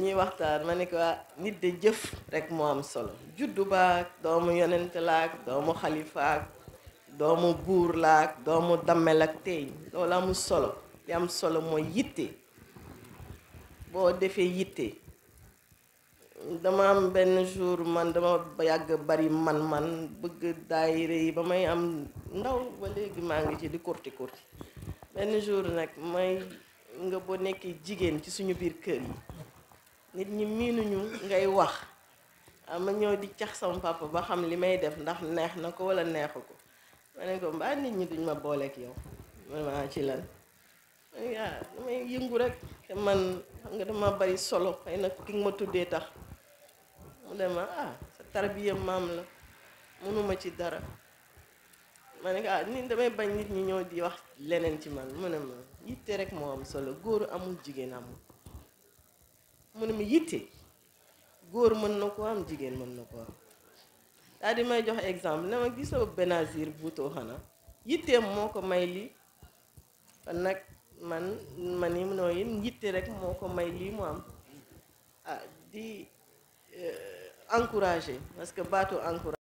ñi waxtaan mané ko ah, nit de jëf rek mo am solo juddu domo doomu yonent laak doomu khalifa doomu bour laak doomu damel ak tey loolu amul solo li am solo moy yitté bo défé yitté dama am ben jour man dama yag bari man-man bëgg daayira yi ba may am ndaw ba légui ma ngi ci di courti courti ben jour nak may nga bo nekk jigen ci suñu bir kër nit ñi ñu ngay wax ah, ma ñëw di tax sama papa ba xam limay nah, def ndax neex nako ko wala neexuko ko ma ko ba nit ñi duñ ma ak yow ma ah, ci lan ya ah, may yëngu rek te man nga dama bari solo ay nak ki nga ma tax mu dem ah sa tarbiya mam la mënuma ci dara ma ka nit ah ni damay bañ nit ñi ñëw di wax leneen ci man mané ma yitté rek mo am solo goor amul jigéen amul ne ma yitte góor mën na koo am jigéen mën na ko am daal di may jox exemple ne ma gisoo Benazir Bhutto xanaa yitteem moo ko may lii kon nag man man yi munoo yéen yitte rek moo ko may lii mu am ah di euh, encourager parce que baatu encourager